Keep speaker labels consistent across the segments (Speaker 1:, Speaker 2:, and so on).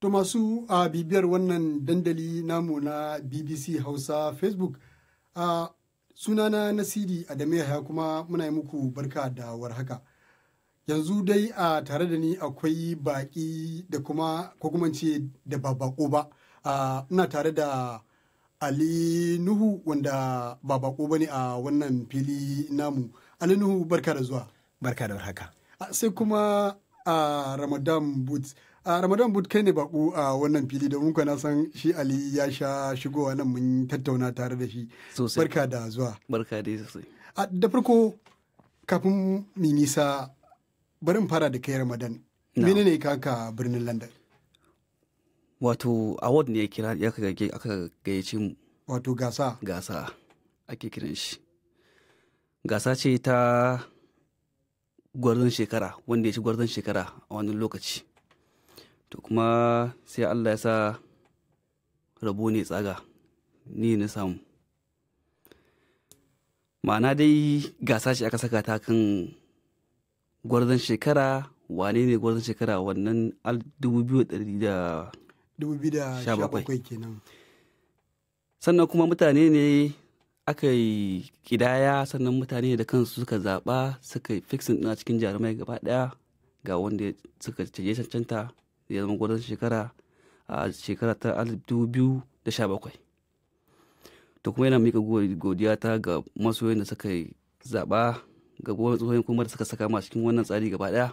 Speaker 1: To masu a bibiyar wannan dandali namu na BBC Hausa Facebook a sunana Nasiri Adamu ya kuma muna yi muku barka da warhaka. Yanzu dai a tare da ni akwai baƙi da kuma ko kuma ce da ba bako Ina tare da Ali Nuhu wanda babako ba ne a wannan fili namu. Ali Nuhu barka da zuwa. Barka da warhaka. Sai kuma a Ramadan Boots. a ramadan bud kai ne baƙo a wannan fili domin kwana san shi ali ya sha shigowa nan mun tattauna tare da shi barka da zuwa
Speaker 2: barka da sosai
Speaker 1: a da farko kafin mu nisa bari mu fara da kai ramadan menene ka ka birnin london
Speaker 2: wato award ne ya kira ya aka gayyace mu wato gasa gasa ake kiran shi gasa ce ta gwarzon shekara wanda ya ci gwarzon shekara a wani lokaci to kuma sai allah ya sa rabo ne tsaga ni na samu ma'ana dai gasa ce aka saka ta kan gwarzon shekara wane ne gwarzon shekara wannan 2017 kenan sannan kuma mutane ne aka yi kidaya sannan mutane da kansu suka zaɓa suka yi fixin cikin jarumai gaba ɗaya ga wanda suka cancanta ya zama gwadon shekara a shekara ta 2017 ta kuma yana mika godiya ta ga masoyin da suka yi zaɓa ga tsohon kuma da suka saka ma cikin wannan tsari gaba daya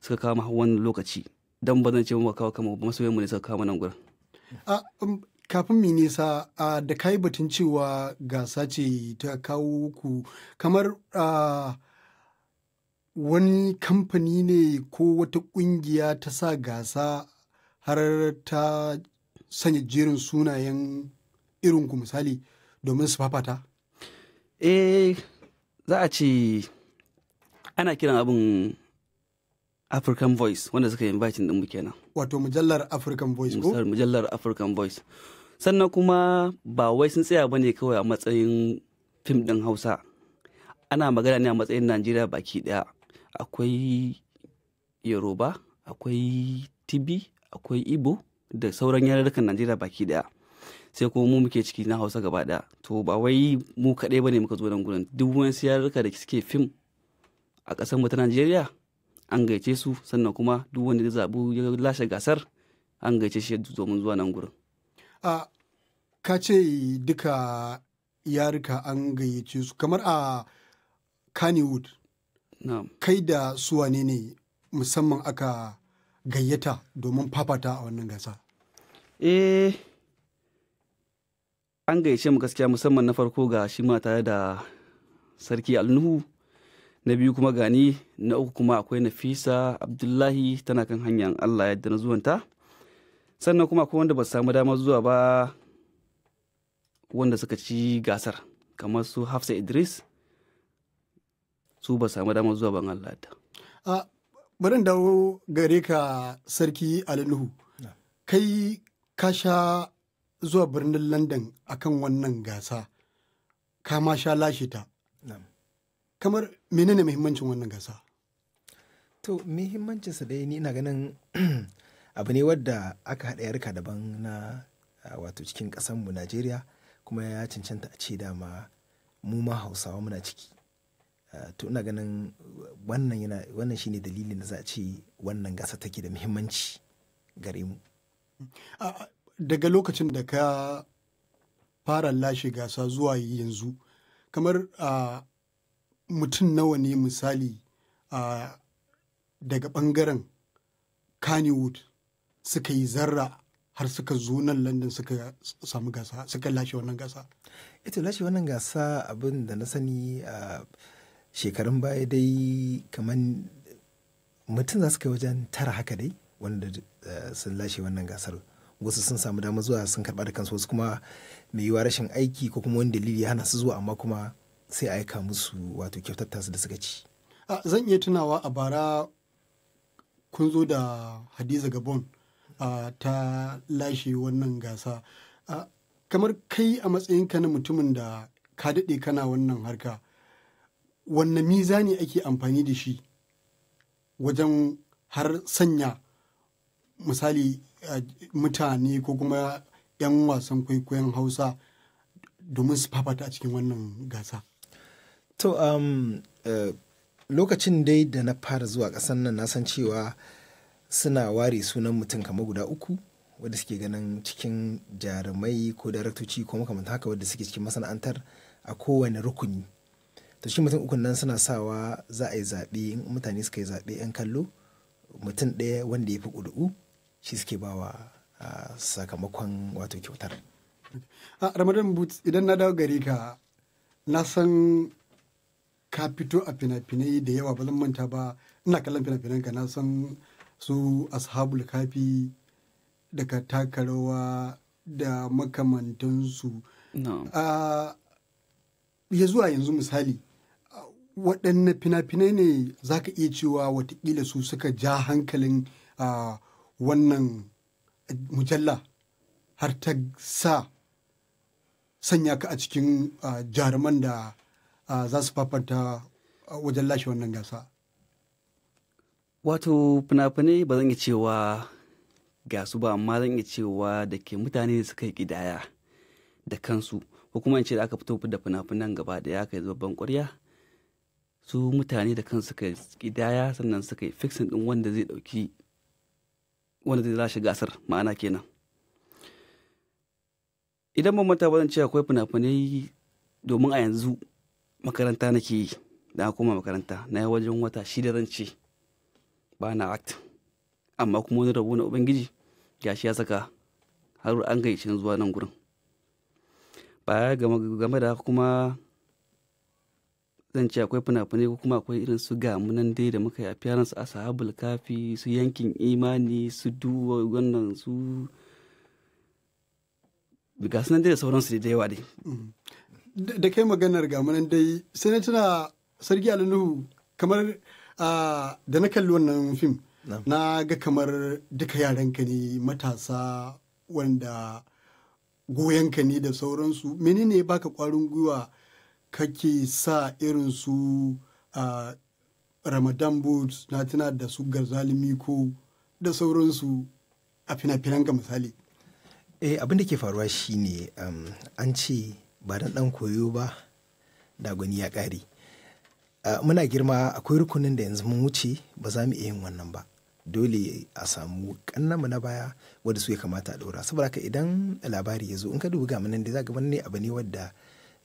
Speaker 2: suka kawo ma wani lokaci dan ba zan ce mu kawo kama masoyin mu ne suka kawo nan gurin
Speaker 1: um, kafin mu nisa da kai batun cewa gasa ce ta kawo ku kamar wani kamfani ne ko wata ƙungiya ta sa gasa har ta sanya jerin sunayen irinku misali domin su fafata?
Speaker 2: Eh, za a ce ana kiran abin African Voice wanda suka yi inviting muke kenan.
Speaker 1: Wato mujallar African Voice ko?
Speaker 2: Mujallar African Voice. Sannan kuma ba wai sun tsaya bane kawai a matsayin fim ɗin Hausa. Ana magana ne a matsayin Najeriya baki ɗaya. akwai Yoruba, akwai Tibi, akwai ibo da sauran yarurrukan Najeriya baki daya Sai kuma mu muke ciki na Hausa gaba daya To ba wai mu kaɗai bane muka zo nan gurin duk wani yarurruka da suke fim a ƙasar mu ta Najeriya an gaice su sannan kuma duk wanda ya zabu ya lashe gasar an gaice shi domin zuwa nan gurin.
Speaker 1: A ka ce duka yarurruka an gayyace su kamar a Kannywood kai da su wane ne musamman aka gayyata domin fafata a wannan gasa
Speaker 2: eh an gaishe mu gaskiya musamman na farko ga shi ma tare da sarki alnuhu na biyu kuma gani na uku kuma akwai nafisa abdullahi tana kan hanyar allah yadda na zuwanta sannan kuma akwai wanda ba su samu dama zuwa ba wanda suka ci gasar kamar su hafsa idris su ba samu damar zuwa ban Allah ta.
Speaker 1: A bari dawo gare ka sarki Alinuhu. Kai ka sha zuwa birnin London akan wannan gasa. Ka ma sha lashe ta. Kamar menene muhimmancin wannan gasa? To muhimmancinsa dai ni ina ganin
Speaker 3: abu ne wadda aka haɗa yarka daban na wato cikin ƙasanmu Najeriya kuma ya cancanta a ce dama mu ma Hausawa muna ciki. to ina ganin wannan yana wannan shine dalilin na za a ce wannan gasa take da muhimmanci gare mu
Speaker 1: daga lokacin da ka fara lashe gasa zuwa yanzu kamar mutum nawa ne misali daga bangaren Kannywood suka yi zarra har suka zo nan London suka samu gasa suka lashe wannan gasa. Ita eh lashe wannan gasa abin da na sani uh, shekarun
Speaker 3: baya dai kamar mutum za su kai wajen tara haka dai wanda eh, sun lashe wannan gasar wasu sun samu damar zuwa sun karɓa da kansu wasu kuma mai yiwuwa rashin aiki ko kuma wani dalili ya hana su zuwa amma kuma sai a aika musu wato kyautar su da suka ci.
Speaker 1: zan iya tunawa a bara kun zo da hadiza gabon ta lashe wannan gasa kamar kai a matsayinka na mutumin da ka daɗe kana wannan harka wanne mizani ake amfani da shi wajen har sanya misali eh, mutane ko kuma 'yan wasan kwaikwayon hausa domin su fafata a cikin wannan gasa
Speaker 3: to um, uh, lokacin dai da na fara zuwa ƙasar nan na san cewa suna ware sunan mutum kamar guda uku wadda suke ganin cikin jarumai ko daraktoci ko makamantan haka wadda suke cikin masana'antar a kowane rukuni to shi mutum ukun nan suna sawa za a yi zaɓe in mutane suka yi zaɓe yan kallo mutum ɗaya wanda ya fi ƙuri'u shi suke bawa sakamakon wato kyautar
Speaker 1: a ramadan boots idan na dawo gari ka na san ka fito a fina-finai da yawa ba zan manta ba ina kallon fina-finan ka na san su ashabul kafi da takarawa taka rawa da makamantansu ya zuwa yanzu misali waɗanne fina-finai ne za ka iya cewa watakila su suka ja hankalin wannan mujalla har ta sa sanya ka a cikin jaruman da za su fafanta wajen lashe wannan gasa?
Speaker 2: Wato fina-finai ba zan iya cewa gasu ba amma zan iya cewa da ke mutane suka yi ƙidaya da kansu ko kuma in ce da aka fito da fina-finan gaba da ya kai babban ƙwarya su mutane da kansu suka kidaya sannan suka yi fiksin din wanda zai dauki wanda zai lashe gasar ma'ana kenan idan ban manta zan cewa akwai fina-finai domin a yanzu makaranta nake yi da koma makaranta na yi wajen wata shida zan ce ba na act amma kuma wani rabu na ubangiji ya shi ya saka har an shi zuwa nan gurin baya game da kuma zan ce akwai fina-finai ko kuma akwai irin su gamunan dai da muka yi a su a sahabul kafi su yankin imani su duwa wannan su ga sunan dai da sauransu da yawa dai
Speaker 1: mm-hmm. da kai maganar gamunan dai sai na tuna sarki alinuhu kamar da na kalli wannan fim na ga kamar duka ka ne matasa wanda goyon ka ne da sauransu menene baka kwarin gwiwa kake sa irin su a ramadan boots na tuna da su garzalimi ko da sauransu a fina-finan ga misali eh abin da ke faruwa shine um, an
Speaker 3: ce ba dan dan koyo ba da gani ya kare muna girma akwai rukunin da yanzu mun wuce ba za mu iya yin wannan ba dole a samu kannanmu na baya wadda su ya kamata a daura saboda haka idan labari ya zo in ka dubi ga munan da za ga ne abu ne wadda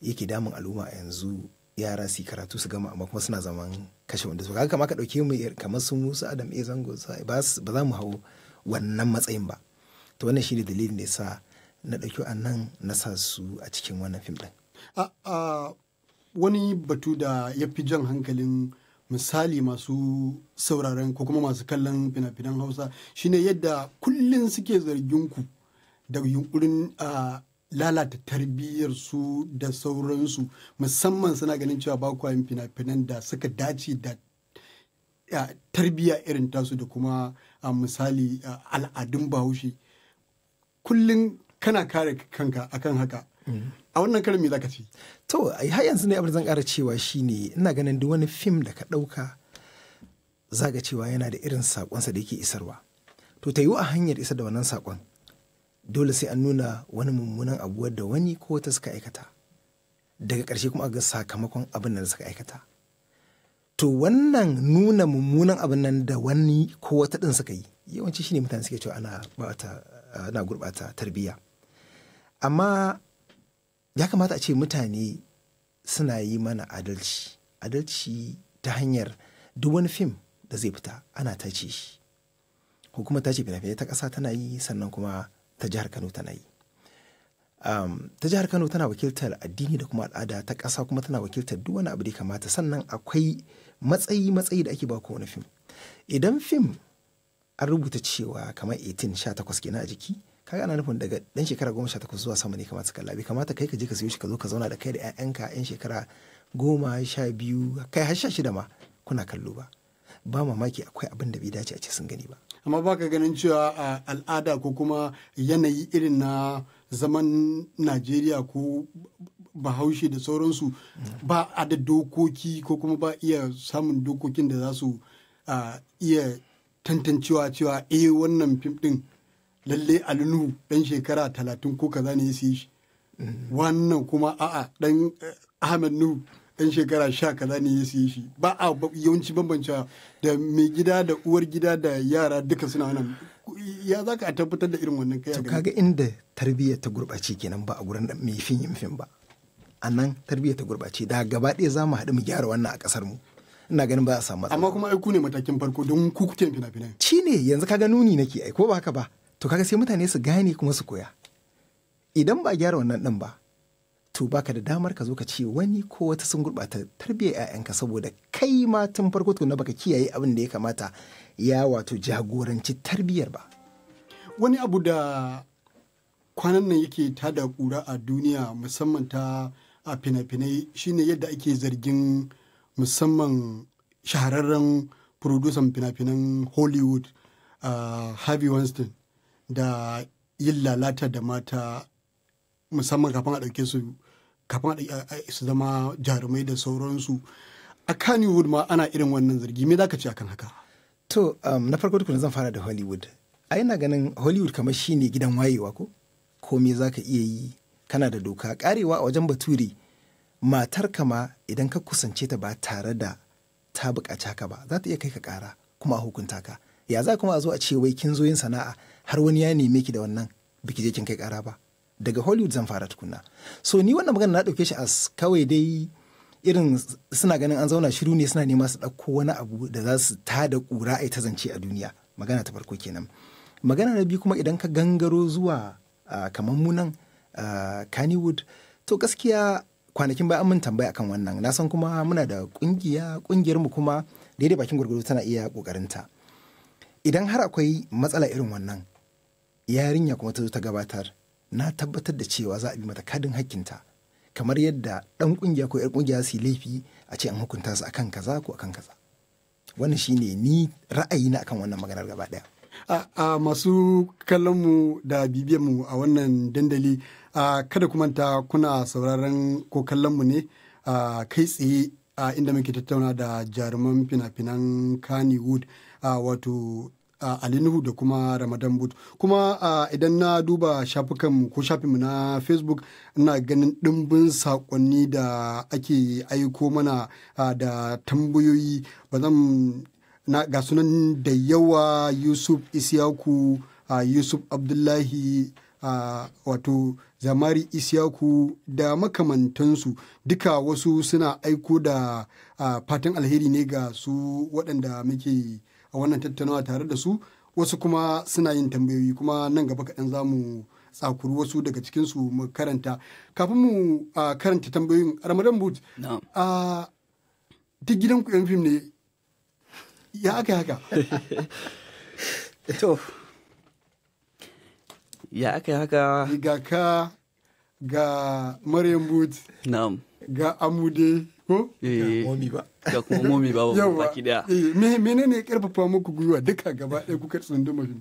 Speaker 3: yake damun al'umma a yanzu yara su karatu su gama amma kuma suna zaman kashe wanda su kaga kama ka dauke mu kamar su Musa Adam e Zango ba za mu hau wannan matsayin ba to wannan shine dalilin da yasa na a nan na sa su a cikin wannan fim din
Speaker 1: a wani batu da ya fi jan hankalin misali masu sauraren ko kuma masu kallon fina-finan Hausa shine yadda kullum suke zargin ku da yunkurin lalata tarbiyyar su da sauransu musamman suna ganin cewa ba kwa yin fina-finan da suka dace da tarbiyya irin tasu da kuma misali al'adun bahaushe kullum kana kare kanka akan haka a wannan karin me zaka ce to har yanzu ne abin zan kara cewa shine ina ganin duk wani fim da ka
Speaker 3: ɗauka zaga cewa yana da irin sakonsa da yake isarwa to ta yiwu a hanyar isar da wannan sakon dole sai an nuna wani mummunan abu da wani ko wata suka aikata daga ƙarshe kuma a ga sakamakon abin da suka aikata to wannan nuna mummunan abin nan da wani ko wata ɗin suka yi yawanci shine mutane suke cewa ana bata ana gurbata tarbiyya amma ya kamata a ce mutane suna yi mana adalci adalci ta hanyar duk wani fim da zai fita ana tace shi ko kuma tace fina-finai ta ƙasa tana yi sannan kuma ta jihar Kano tana yi. Um, ta jihar Kano tana wakiltar addini da kuma al'ada ta ƙasa kuma tana wakiltar duk wani abu da kamata sannan akwai matsayi matsayi da ake ba kowane fim. Idan fim an rubuta cewa kamar 18 18 kenan a jiki kaga ana nufin daga ɗan shekara goma sha takwas zuwa sama ne kamata kalla bai kamata kai ka je ka siyo shi ka zo ka zauna da kai da 'ya'yanka 'yan shekara goma sha biyu kai har sha shida ma kuna kallo ba ba mamaki akwai abin da bai dace a ce sun gani ba
Speaker 1: amma baka ganin cewa a al'ada ko kuma yanayi irin na zaman najeriya ko bahaushe da sauransu ba a da dokoki ko kuma ba iya samun dokokin da za su iya tantancewa cewa eh wannan fim din lalle alinu dan shekara talatin ko kaza ne ya siye shi mm. wannan kuma a'a dan eh, ahmed nuhu yan shekara sha kaza ne ya siye shi ba a yawanci bambanta da mai gida da uwar gida da yara duka suna nan ya za ka tabbatar da irin wannan kaya kaga
Speaker 3: inda tarbiyyar ta gurɓace kenan ba a gurin mai fin yin fin ba a nan tarbiyyar ta gurɓace da gaba ɗaya za mu haɗu mu gyara wannan a ƙasar mu ina ganin ba a samu matsala
Speaker 1: amma kuma ai ku ne matakin farko don ku kuke fina-finai
Speaker 3: shi ne yanzu kaga nuni nake ai ko ba haka ba to kaga sai mutane su gane kuma su koya idan ba gyara wannan ɗin ba to baka da damar ka zo ka ce wani ko wata sun gurɓata tarbiyyar 'ya'yanka saboda kai ma tun farko tukuna baka kiyaye abin da ya kamata ya wato jagoranci tarbiyyar ba
Speaker 1: wani abu da kwanan nan yake tada kura a duniya musamman ta a fina-finai shine yadda ake zargin musamman shahararren furodusan fina-finan hollywood uh, harvey weinstein da yin lalata da mata musamman kafin a ɗauke su kafin su zama jarumai da sauransu a kannywood ma ana irin wannan zargi me za ka ce akan haka to um, na farko tukuna zan fara da hollywood a yana
Speaker 3: ganin hollywood kamar shine gidan wayewa ko komai za ka iya yi kana da doka karewa a wajen bature matar kama idan ka kusance ta ba tare da ta bukaci haka ba za ta iya kai ka kara kuma a hukunta ka ya za kuma a zo a ce wai kin zo yin sana'a har wani ya neme ki da wannan biki je kin kai kara ba daga hollywood zan fara tukuna so ni wannan magana na ɗauke shi as kawai dai irin suna ganin an zauna shiru ne suna nema su ɗauko wani abu da za su tada ƙura a ta zance a duniya magana ta farko kenan magana na biyu kuma idan ka gangaro zuwa kamar munan kannywood to gaskiya kwanakin bayan mun tambaya akan wannan na san kuma muna da kungiya kungiyar mu kuma daidai bakin gwargwado tana iya ƙoƙarinta. idan har akwai matsala irin wannan yarinya kuma ta zo ta gabatar na tabbatar da cewa za a bi mata kadin hakkinta kamar yadda ɗan ƙungiya ko 'yar ƙungiya su laifi a ce an hukunta su akan kaza ko akan kaza wannan shine ni ra'ayi na akan wannan maganar gaba daya
Speaker 1: a, a masu kallonmu da bibiyanmu a wannan dandali a, kada ku manta kuna sauraron ko mu ne a, kai tsaye a, inda muke tattauna da jaruman fina-finan kannywood a, wato Ali Nuhu da kuma Ramadan Boot. Kuma idan na duba shafukanmu ko shafinmu na Facebook ina ganin ɗimbin saƙonni da ake aiko mana da tambayoyi ba zan na ga sunan da yawa Yusuf Isiyaku, Yusuf Abdullahi wato zamari isiyaku da makamantansu duka wasu suna aiko da fatan alheri ne ga su waɗanda muke a wannan tattaunawa tare da su wasu kuma suna yin tambayoyi kuma nan gaba kaɗan za mu tsakuru wasu daga cikinsu mu karanta kafin mu karanta tambayoyin ramadan boot a duk gidan ku yan fim ne ya aka haka to ya aka haka ga ka ga maryam boot ga amude ko da eh, kuma momi ba ba baki daya eh, menene karfafa muku gwiwa duka gaba ɗaya kuka tsunduma shi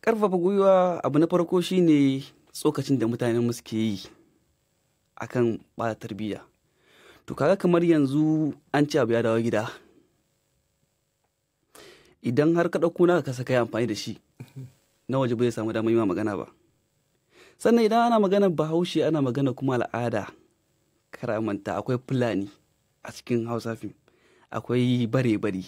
Speaker 2: karfafa gwiwa abu na farko shine tsokacin da mutanen mu suke yi akan bada tarbiyya to kaga kamar yanzu an ci abu ya dawo gida idan har ka ɗauko naka ka saka yi amfani da shi na waje bai samu damar yi magana ba sannan idan ana magana bahaushe ana magana kuma al'ada karamanta manta akwai fulani a cikin hausa fim akwai bare-bare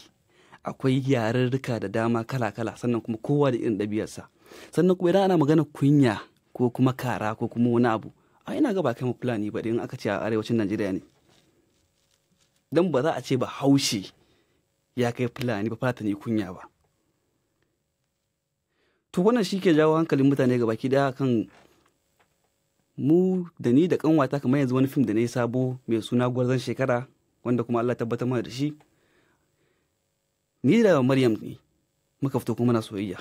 Speaker 2: akwai yarurruka da dama kala-kala sannan kuma kowa da irin ɗabi'arsa sannan kuma idan ana magana kunya ko kuma kara ko kuma wani abu a ina ga ba kai fulani ba in aka ce a arewacin najeriya ne don ba za a ce ba haushe ya kai fulani ba fata ne kunya ba to wannan shi ke jawo hankalin mutane ga baki daya kan mu da ni da kanwata kamar yanzu wani fim da na yi sabo mai suna gwarzon shekara wanda kuma Allah tabbatar mana da shi ni da Maryam ne muka fito kuma na soyayya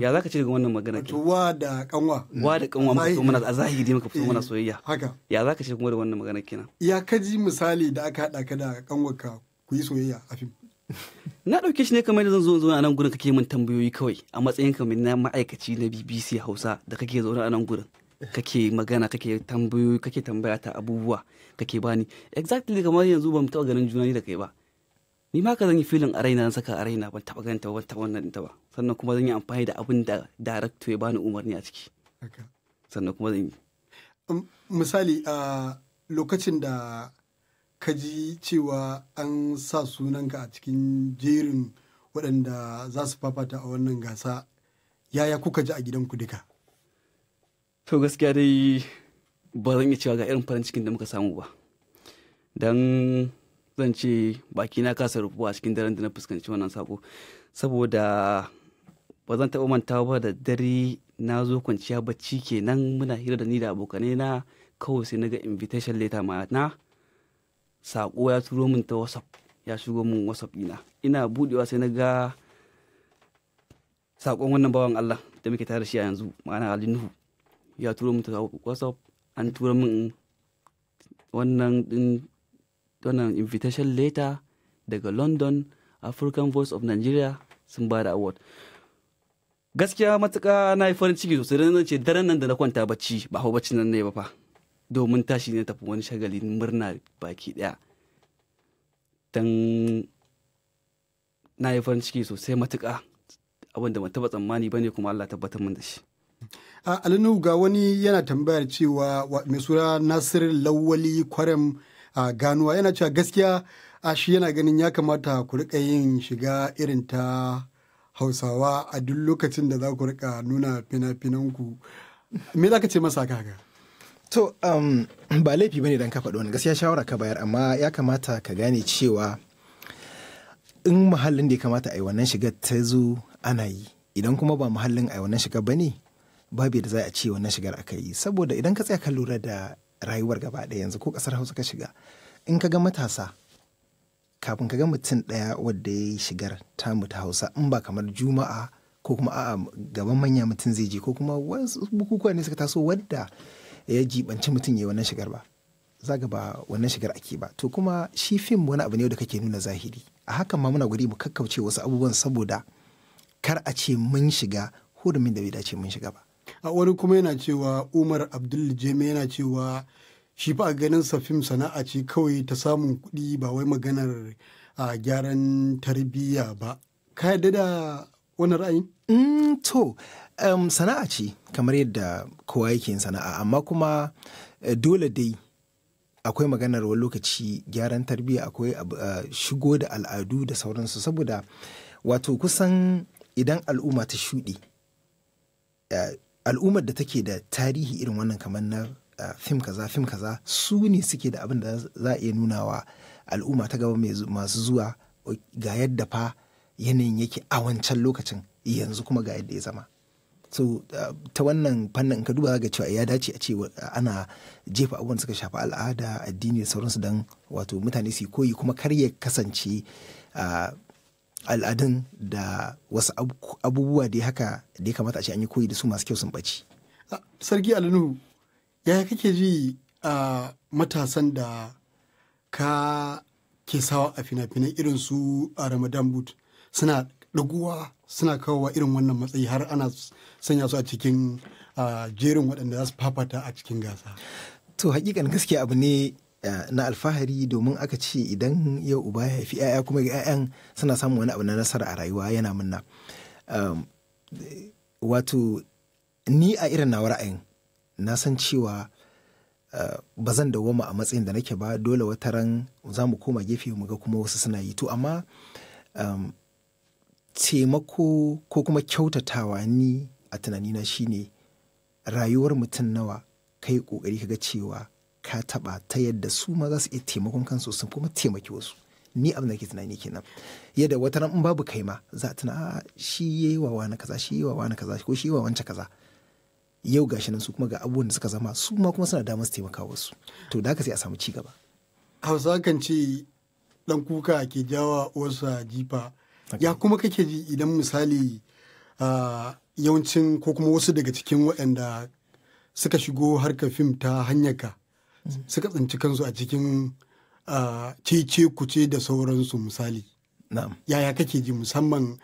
Speaker 2: ya za ka ce daga wannan magana ke
Speaker 1: wa da kanwa wa da kanwa muka fito mana a zahiri muka fito mana eh,
Speaker 2: soyayya haka ya za ka ce kuma da wannan magana kenan
Speaker 1: ya kaji misali da aka hada ka da kanwarka ku yi soyayya a fim
Speaker 2: na ɗauke shi ne kamar da zan zo a nan gurin kake min tambayoyi kawai a matsayin kamar na ma'aikaci na BBC Hausa da kake zaune a nan gurin kake magana kake tambayoyi kake tambaya ta abubuwa kake bani exactly kamar yanzu ban taɓa ganin juna ni da kai ba ni ma ka zan yi filin a raina na saka a raina ban taɓa ganin ta ban taɓa wannan ta ba sannan kuma zan yi amfani da abin da director ya bani umarni a ciki sannan kuma zan yi
Speaker 1: um, misali a ah, lokacin da kaji cewa an sa sunanka a cikin jerin waɗanda za su fafata a wannan gasa yaya kuka ji a gidanku duka
Speaker 2: to gaskiya dai ba zan iya cewa ga irin farin cikin da muka samu ba don zan ce baki na kasa rufu a cikin daren da na fuskanci wannan sako saboda ba zan taɓa mantawa ba da dare na zo kwanciya bacci kenan muna hira da ni da abokanai na kawai sai na ga invitation letter ma na saƙo ya turo min ta whatsapp ya shigo min whatsapp ina ina budewa sai na ga saƙon wannan bawan Allah da muke tare shi a yanzu ma'ana alinuhu ya turo min ta whatsapp an turo min wannan din wannan invitation letter daga london african voice of nigeria sun ba da award gaskiya matuka na yi farin ciki sosai da ce daren nan da na kwanta bacci ba hau bacci nan ne ba fa domin tashi na tafi wani shagalin murna baki ɗaya. don na yi farin ciki sosai matuƙa abinda ban taɓa tsammani bane kuma Allah tabbatar min da shi.
Speaker 1: A Alinu ga wani yana tambayar cewa mai sura Nasir Lawali Kwarem a ganuwa yana cewa gaskiya a shi yana ganin ya kamata ku riƙa yin shiga irin ta Hausawa a duk lokacin da za ku riƙa nuna fina-finanku. Me za ka ce masa kaga? To, um, ba laifi bane don ka faɗi wani gaskiya shawara ka bayar amma ya
Speaker 3: kamata ka gane cewa in muhallin da ya kamata a yi wannan shigar ta zo ana yi idan kuma ba muhallin a yi wannan shigar bane babu da za a ce wannan shigar aka yi saboda idan ka tsaya ka lura da rayuwar gaba ɗaya yanzu ko kasar Hausa ka shiga in ka ga matasa kafin ka ga mutum ɗaya wadda ya yi shigar ta ta Hausa in ba kamar Juma'a ko kuma a'a gaban manya mutum zai je ko kuma wasu bukukuwa ne suka taso wadda ya jibanci mutum ya wannan shigar ba zaga ba wannan shigar ake ba to kuma shi fim wani abu ne da kake nuna zahiri a hakan ma muna guri mu kakkauce wasu abubuwan saboda
Speaker 1: kar a ce mun
Speaker 3: shiga hurumin da bai dace mun shiga ba
Speaker 1: a wani kuma yana cewa umar abdul jeme yana cewa shi fa a ganin sa fim sana'a ce kawai ta samun kuɗi ba wai maganar a gyaran tarbiyya ba ka yadda da wani ra'ayi. Mm, to um, sana'a ce kamar yadda kowa yake
Speaker 3: yin sana'a amma kuma eh, dole dai akwai maganar wani lokaci gyaran tarbiyya akwai uh, shigo da al'adu da sauransu saboda wato kusan idan al'umma ta shuɗe uh, al'ummar da take da tarihi irin wannan kamar na fim kaza fim kaza su ne suke da abin da za a iya nuna wa al'umma ta gaba masu zuwa ga yadda fa yanayin yake a wancan lokacin yanzu kuma ga yadda ya zama so uh, ta wannan fannin ka duba ga cewa ya dace a ce uh, ana jefa abubuwan suka shafi al'ada addini da sauransu don wato mutane su koyi kuma kar ya kasance uh, al'adun da wasu abubuwa da haka da ya kamata a ce an yi koyi da su masu kyau sun baci
Speaker 1: ah, sarki alinu yaya kake ji a matasan da ka ke sawa a fina-finan irin su a ramadan boot suna ɗaguwa suna kawowa irin wannan matsayi har ana sanya su a cikin jerin waɗanda za su fafata a cikin gasa. To hakikan gaskiya abu ne na alfahari domin aka
Speaker 3: ce idan yau uba ya haifi 'ya'ya kuma 'ya'yan suna samun wani abu na nasara a rayuwa yana munna. Wato ni a irin nawa ra'ayin na san cewa ba zan dawoma a matsayin da nake ba dole wata ran za mu koma gefe mu ga kuma wasu suna yi to amma taimako ko kuma kyautatawa ni a tunanina shine rayuwar mutum nawa kai kokari ga cewa ka taba ta yadda su ma za su iya taimakon kansu sun kuma taimaki wasu ni abin da ke tunani kenan yadda wata ran in babu kai ma za a tuna ah, shi yayi wa wani kaza shi yayi wa wani kaza ko shi yayi wa wancan kaza yau gashi nan su kuma ga abubuwan da suka zama su ma kuma suna damar su taimaka wasu to da haka sai a samu ci gaba
Speaker 1: hausa kan ce dan kuka ke jawa uwarsa jifa ya kuma kake ji idan misali yawancin ko kuma wasu daga cikin waɗanda suka shigo harkar fim ta hanyar ka suka tsinci kansu a cikin cece kuce da sauransu misali yaya kake ji musamman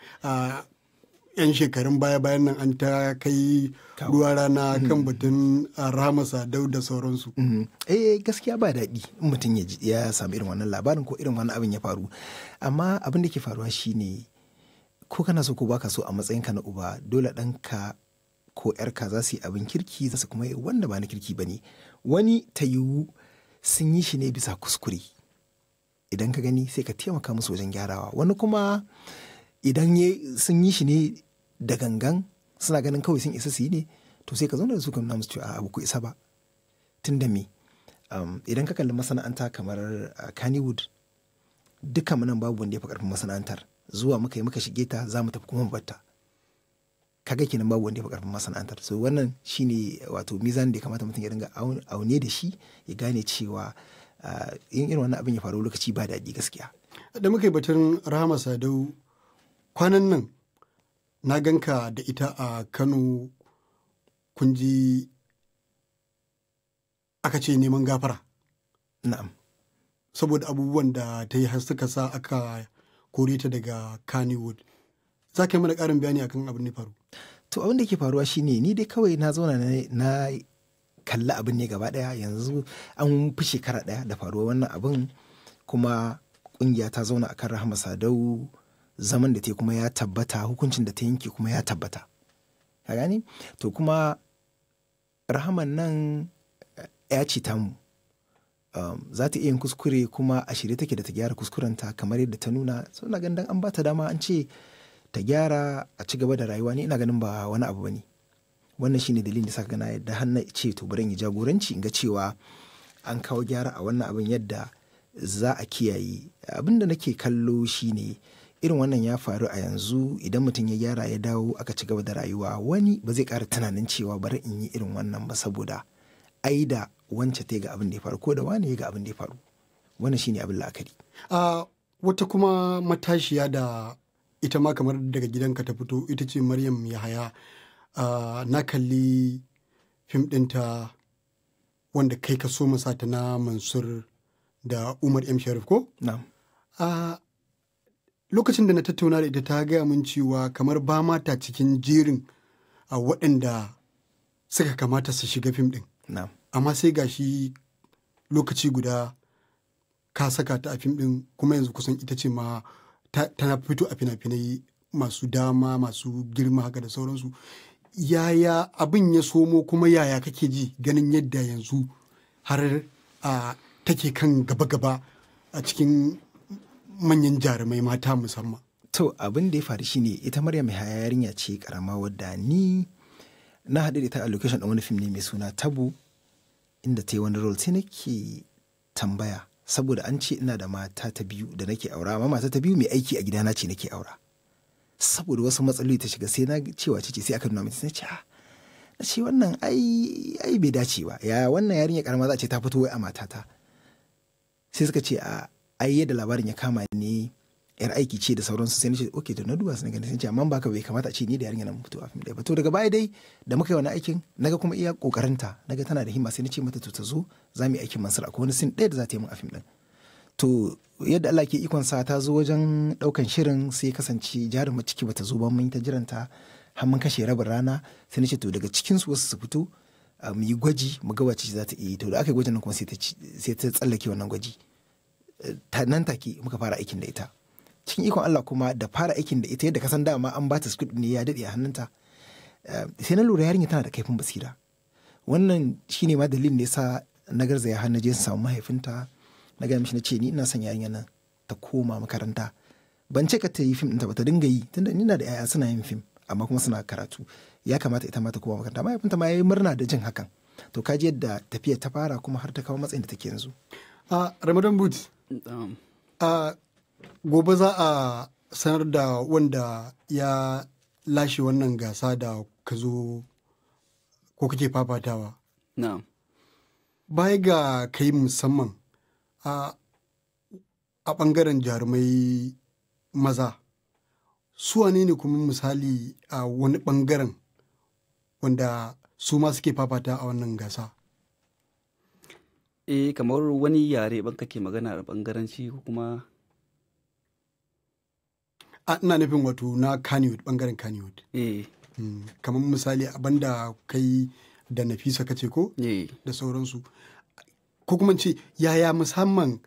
Speaker 1: 'yan shekarun baya-bayan nan an ta kai ruwa rana mm-hmm. kan batun ah, rama dau da sauransu. Mm-hmm. Eh gaskiya ba daɗi in
Speaker 3: mutum ya samu irin wannan labarin ko irin wannan abin ya faru. Amma abin da ke faruwa shine ko kana so ko baka so a ka na uba dole ɗanka ko 'yarka za su yi abin kirki za su kuma yi wanda ba na kirki ba ne. Wani ta yiwu sun yi shi ne bisa kuskure. Idan ka gani sai ka taimaka musu wajen gyarawa. Wani kuma idan sun yi shi ne da gangan suna ganin kawai sun isa su yi ne to sai ka zauna da su ka namu cewa abu ku isa ba tun da me idan ka kalli masana'anta kamar Kannywood duka nan babu wanda ya fi karfin masana'antar zuwa muka yi muka shige ta za mu tafi kuma mu batta kaga kenan babu wanda ya fi karfin masana'antar so wannan shine wato mizan da ya kamata mutum ya dinga aune da shi ya gane cewa in irin wannan abin ya faru
Speaker 1: lokaci ba daɗi gaskiya da muka yi batun rahama sadau kwanan nan na ganka da ita a Kano kun ji aka ce neman gafara. Na'am. Saboda abubuwan da ta yi har suka sa aka kore ta daga Kannywood. Za ka yi mana ƙarin bayani akan abin da faru. To abin da ke faruwa shine ni dai kawai na zauna na
Speaker 3: kalli abin ne gaba daya yanzu an fi shekara daya da faruwa wannan abin kuma kungiya ta zauna akan Rahama Sadau zaman da ta kuma ya tabbata hukuncin da ta yanke kuma ya tabbata ka gani to kuma rahaman nan eh, ya ce mu um, za ta iya kuskure kuma a shirye take da ta gyara kuskurenta kamar yadda ta nuna suna so, gandan an ba ta dama an ce ta gyara a ci gaba da rayuwa ne ina ganin ba wani abu ba ne wannan shine dalilin da saka gana yadda hannu ce to bari yi jagoranci in ga cewa an kawo gyara a wannan abin yadda za a kiyaye abin da nake kallo shine irin wannan ya faru a yanzu idan mutum ya gyara ya dawo aka ci gaba da rayuwa wani ba zai kara tunanin cewa bari in yi irin wannan ba saboda ai da wance ta ga abin da ya faru ko da wani ya ga abin da ya faru wannan shine abin
Speaker 1: la'akari a wata kuma matashiya da ita ma kamar daga gidanka ta fito ita ce maryam yahaya na kalli fim ɗinta wanda kai ka so masa ta na mansur da umar m sharif ko na'am lokacin da na tattauna da ita ta gaya min cewa kamar ba mata cikin jerin a waɗanda suka kamata su shiga fim ɗin. Amma sai gashi lokaci guda ka saka ta a fim ɗin kuma yanzu kusan ita ce ma tana fito a fina-finai masu dama masu girma haka da sauransu. Yaya abin ya somo kuma yaya kake ji ganin yadda yanzu har a take kan gaba-gaba a cikin manyan jarumai mata musamman. To abin da ya faru shi ne ita Maryam
Speaker 3: haya yarinya ce karama wadda ni na haɗu da ita a location ɗin wani fim ne mai suna Tabu inda ta yi wani role sai nake tambaya saboda an ce ina da mata ta biyu da nake aura amma mata ta biyu mai aiki a gidana ce nake aura saboda wasu matsaloli ta shiga sai na cewa ce sai aka nuna mata sai na ce ah, wannan ai bai dace ba ya wannan yarinya karama za a ce ta fito wai a matata sai suka ce a ah, ai yadda labarin ya kama ni yar aiki ce da sauransu sai nace okay to na duba sun gani sun ce amma baka bai kamata a ce ni da yarinya na mutu a fim ba to daga baya dai da muka yi wani aikin naga kuma iya kokarinta naga tana da himma sai nace mata to ta zo za mu yi aikin Mansur akwai wani sin ɗaya da za ta yi mun a fim ɗin to yadda Allah ke ikon sa ta zo wajen ɗaukan shirin sai kasance jarin ciki bata zo ba mun ta jiranta har mun kashe rabin rana sai nace to daga cikin su wasu su fito mu yi gwaji mu ga wace za ta iya to da aka yi gwajin nan kuma sai ta tsallake wannan gwaji nan take muka fara aikin da ita cikin ikon Allah kuma da fara aikin da ita yadda san dama an bata script ne ya dade a hannunta eh, sai na lura yarinya tana da kaifin basira wannan shine ma dalilin da yasa na garzaya har na je samu mahaifinta na ga mishi na ce ni ina son yarinya nan ta koma makaranta ban ce ka ta yi fim ɗinta ba ta dinga yi tunda ni na da yaya suna yin fim amma kuma suna karatu ya kamata ita ma ta koma makaranta mahaifinta ma yayi murna da jin hakan
Speaker 1: to ka ji yadda tafiya ta fara kuma har ta kawo matsayin da take yanzu a ah, ramadan boots Um, gobe za a sanar da wanda ya lashe wannan gasa da ka zo ko kake fafatawa na'am baya ga kai musamman a ɓangaren jarumai maza su wane ne kuma misali a wani ɓangaren wanda su ma suke fafata a wannan gasa
Speaker 2: eh kamar wani yare ban kake magana da bangaranci ko kuma
Speaker 1: a ina nufin wato na Kannywood bangaren Kannywood eh. hmm, kamar misali abinda kai da Nafisa kace ko eh. da sauransu ko kuma ce yaya musamman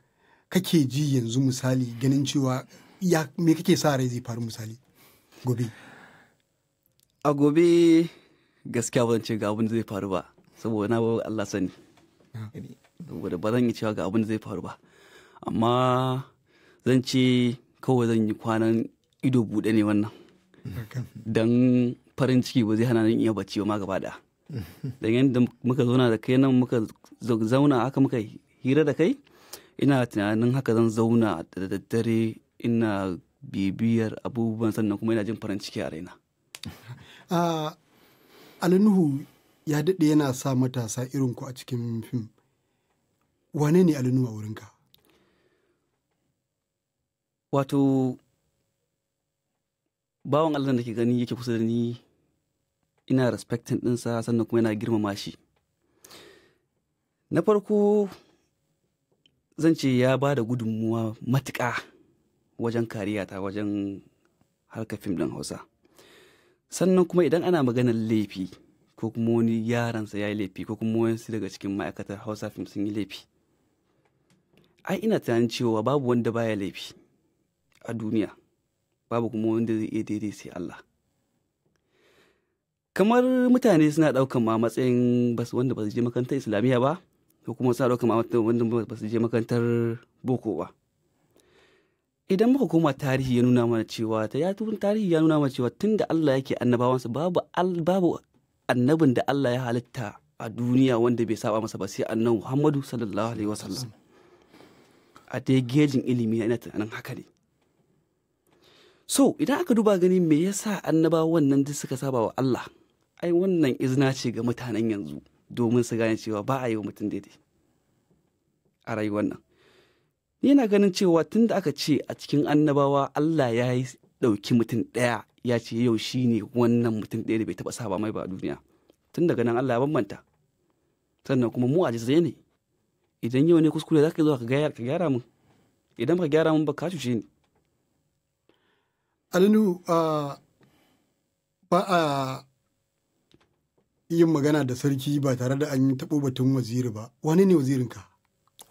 Speaker 1: kake ji yanzu misali ganin cewa ya me kake sa rai zai faru misali gobe
Speaker 2: a gobe gaskiya ban ce ga abin da zai faru ba saboda na Allah sani ah. saboda ba zan yi cewa ga abin da zai faru ba amma zan ce kawai zan yi kwanan ido buɗe ne wannan don farin ciki ba zai hana ni iya bacci ba ma gaba da da yadda muka zauna da kai nan muka zauna haka muka hira da kai ina tunanin haka zan zauna da daddare ina bibiyar abubuwan sannan kuma ina jin farin ciki a raina
Speaker 1: ah, alinuhu ya daɗe yana sa matasa irin ku a cikin fim wane ne alinu a wurinka
Speaker 2: wato bawan allah da ke gani yake kusa da ni ina respectin ɗinsa sannan kuma yana girmama shi na farko zan ce ya ba da gudunmuwa matuƙa wajen kariya ta wajen harka fim ɗin hausa sannan kuma idan ana maganar laifi ko kuma wani yaransa ya yi laifi ko kuma wani daga cikin ma'aikatar hausa fim sun yi laifi ai ina tunanin cewa babu wanda baya laifi a duniya babu kuma wanda zai iya daidai sai Allah kamar mutane suna ɗaukan ma matsayin wanda ba su je makarantar islamiyya ba ko kuma suna ɗaukan ma wanda ba su je makarantar boko ba idan muka koma tarihi ya nuna mana cewa ta ya tarihi ya nuna mana cewa tun da Allah yake annabawansa babu babu annabin da Allah ya halitta a duniya wanda bai saba masa ba sai annabi Muhammadu sallallahu alaihi wasallam a dai gejin ilimi na tunanin haka ne so idan aka duba gani me yasa annabawan nan duk suka saba wa Allah ai wannan izina ce ga mutanen yanzu domin su gane cewa ba a yi wa mutum daidai a rayuwar nan ni yana ganin cewa tun da aka ce a cikin annabawa Allah ya yi ɗauki mutum ɗaya ya ce yau shi ne wannan mutum ɗaya da bai taɓa saba mai ba a duniya tun daga nan Allah ya bambanta sannan kuma mu ajizai ne idan yau ne kuskure za ka zo ka gyara min idan ba gyara min ba ka cuce ni alinu
Speaker 1: ba a yin magana da sarki ba tare da an yi taɓo batun waziri ba wani ne wazirinka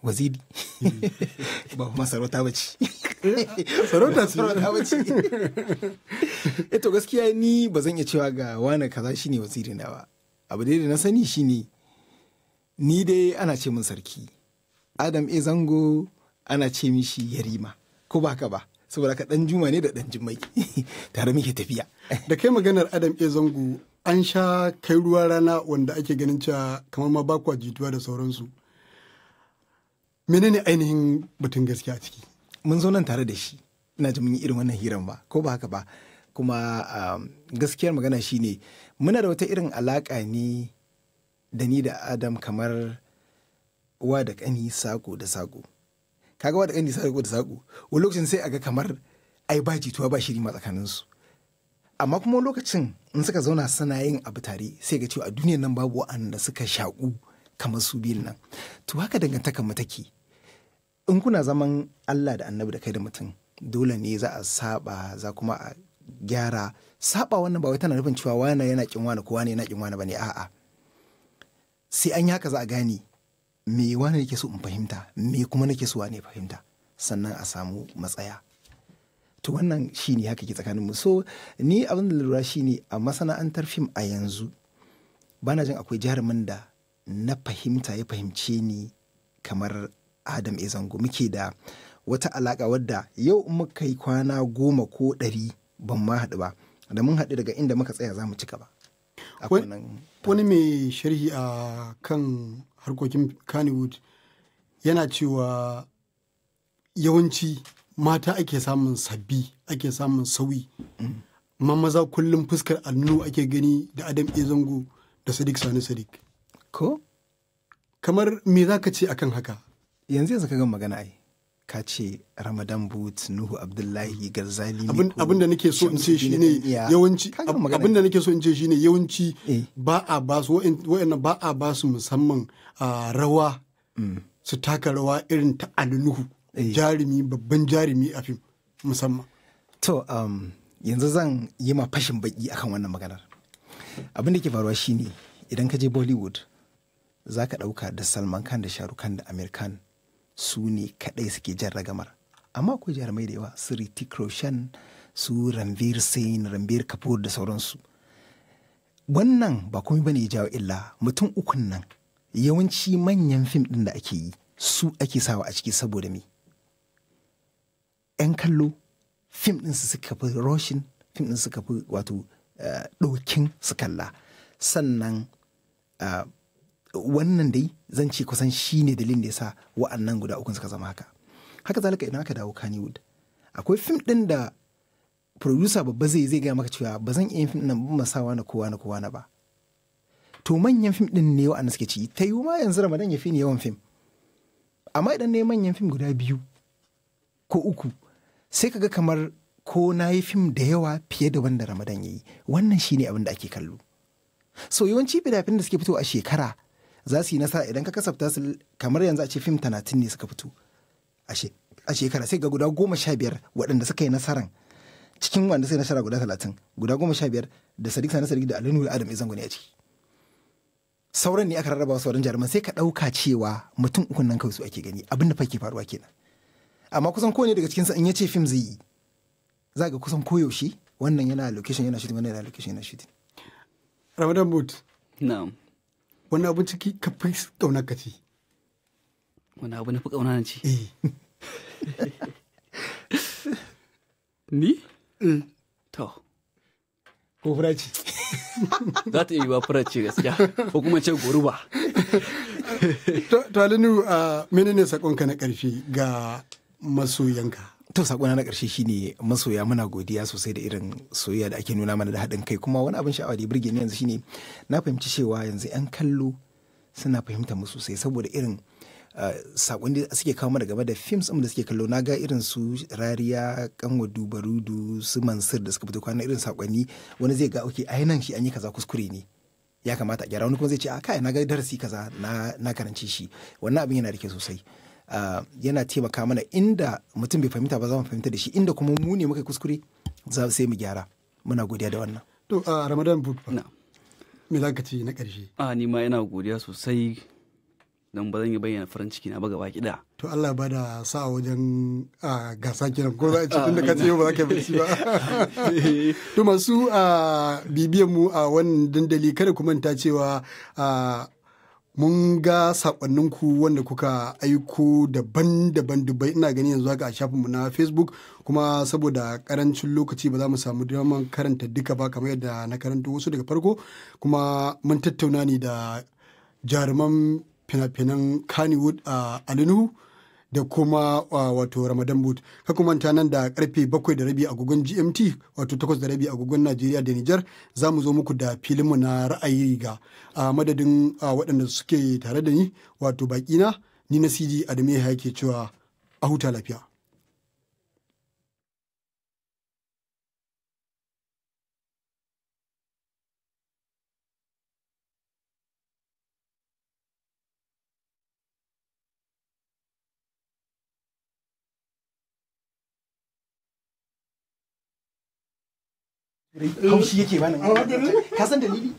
Speaker 1: waziri ba kuma sarauta ba ce eh, sarauta sarauta ba ce
Speaker 3: eto eh, gaskiya ni ba zan iya cewa ga wani kaza shi ne wazirina ba abu da na sani shi ne, ni dai ana ce min sarki adam e zango ana ce mishi
Speaker 1: yarima ko ba ka ba saboda ka dan juma ne da dan jimai tare muke tafiya da kai maganar adam e zango an sha kai ruwa rana wanda ake ganin cewa kamar ma ba jituwa da sauransu menene ainihin batun gaskiya ciki
Speaker 3: mun zo nan tare da shi ina ji mun yi irin wannan hiran ba ko ba haka ba kuma um, gaskiyar magana shine muna da wata irin alaka ne da ni da adam kamar uwa da kani sako da sako kaga wa da kani sako da sako wani lokacin sai a ga kamar ai ba jituwa ba shiri ma su amma kuma lokacin in suka zauna suna yin abu tare sai ga cewa a duniyar nan babu wa'anda suka shaƙu kamar su biyun nan to haka dangantakar mu take in kuna zaman Allah da annabi da kai da mutum dole ne za a saba za kuma a gyara saba wannan ba wai tana nufin cewa wani yana kin wani ko wani yana kin wani bane a'a sai an yi haka za a gane me wani nake so in fahimta me kuma nake so wane fahimta sannan a samu matsaya to wannan shine haka ke tsakanin mu so ni abin da lura shine a masana'antar fim a yanzu bana jin akwai jarumin da na fahimta ya fahimce ni kamar adam ezango muke da wata alaka wadda yau muka yi kwana goma ko ɗari ban ma haɗu ba da mun haɗu daga inda muka tsaya za mu ci gaba
Speaker 1: wani mai sharhi a kan harkokin kannywood yana cewa yawanci mata ake samun sabbi ake samun sauyi amma maza kullum fuskar annu ake gani da adam e da sadiq sani sadiq ko kamar me za ka ce akan haka yanzu yanzu ka gan magana ai ka ce
Speaker 3: ramadan boot nuhu abdullahi mm. garzali ne abin da nake
Speaker 1: so in ce shine yawanci abin da nake so in ce shine yawanci ba a ba su wa'annan ba a ba su musamman rawa mm. su taka rawa irin ta nuhu eh. jarumi babban jarumi a fim musamman to um, yanzu zan yi ma fashin
Speaker 3: baki akan wannan maganar abin da ke faruwa shine idan ka je bollywood za ka ɗauka da salman khan da sharukan da amir khan su ne kaɗai suke jan ragamar amma akwai jarumai da yawa su Ritik Roshan su Ranveer Singh Ranveer Kapoor da sauransu wannan ba komai bane ya jawo illa mutum ukun nan yawanci manyan fim ɗin da ake yi su ake sawa a ciki saboda me 'yan kallo fim ɗin su suka fi roshin fim ɗin suka fi wato eh, ɗokin su kalla sannan ah, wannan dai zan ce kusan shi ne dalilin da ya sa wa'annan guda ukun suka zama haka haka zalika idan aka dawo kannywood akwai fim ɗin da producer babba zai zai gaya maka cewa ba zan iya yin fim ɗin ba sawa na kowa na kowa na ba to manyan fim ɗin ne wa'annan suke ci ta yiwu ma yanzu ramadan ya fi ni yawan fim amma idan ne manyan fim guda biyu ko uku sai kaga kamar ko na yi fim da yawa fiye da wanda ramadan ya yi wannan shine abin da ake kallo so yawanci fidafin da suke fito a shekara za su yi nasa idan ka kasafta su kamar yanzu a ce fim talatin ne suka fito a shekara sai ga guda goma sha biyar waɗanda suka yi nasaran cikin wanda sai nasara guda talatin guda goma sha biyar da sadiq sanar sadiq da alinu adam izan gani a ciki sauran ne aka rarraba sauran jaruman sai ka ɗauka cewa mutum ukun nan kawai su ake gani abin da fake faruwa kenan amma kusan kowane daga cikinsa in ya ce fim zai yi za ga kusan koyaushe wannan yana location yana shooting wannan
Speaker 2: yana location yana shooting ramadan boot na'am wani abu ciki ka fi kauna ka ci wani abu na fi ƙauna na ci eh. ni eh. to ko furaci za ta yi ba furaci gaskiya ko kuma ce goruba
Speaker 1: to alinu ne sakonka na ƙarfi ga masoyanka
Speaker 3: To sakona na karshe shine masoya muna godiya sosai da irin soyayya da ake nuna mana da haɗin kai kuma wani abin sha'awa da burge ni yanzu shine na fahimci cewa yanzu 'yan kallo suna fahimta mu sosai saboda irin ah, sakon da suke kawo mana game da films din da suke kallo na ga irin su rariya kanwa dubarudu su mansur da suka fito kwana irin sakonni wani zai ga oke ai nan shi an yi kaza kuskure ne ya kamata a gyara wani kuma zai ce a ah, kai na ga darasi kaza na karanci shi wannan abin yana da kyau sosai yana taimaka mana inda mutum bai fahimta ba za mu fahimta da shi inda kuma mu ne muka kuskure za sai mu gyara muna godiya da wannan
Speaker 2: to a
Speaker 1: ramadan na me za ka ce na ƙarshe
Speaker 2: a ni ma yana godiya sosai don ba zan yi bayyana farin ciki na ba gaba kiɗa.
Speaker 1: To Allah ba da sa wajen gasa kiran ko za a cikin da ka ce ba za ka barci ba. To masu bibiyan mu a wannan dandali kada ku manta cewa mun ga sakonninku wanda kuka aiko daban-daban dubai ina gani yanzu haka a shafinmu na facebook kuma saboda karancin lokaci ba za mu samu daman karanta duka ba kamar yadda na karanta wasu daga farko kuma mun tattauna ne da jaruman fina-finan kannywood a ah, alinuhu da kuma wato Ramadan Boot. Ka kuma manta nan da karfe bakwai da rabi agogon GMT wato takwas da rabi agogon Najeriya da Nijar za mu zo muku da filin mu na ra'ayi ga a madadin waɗanda suke tare da ni wato baƙina ni na CD Adamu ya ke cewa a huta lafiya.
Speaker 3: haushi yake bani ka san dalili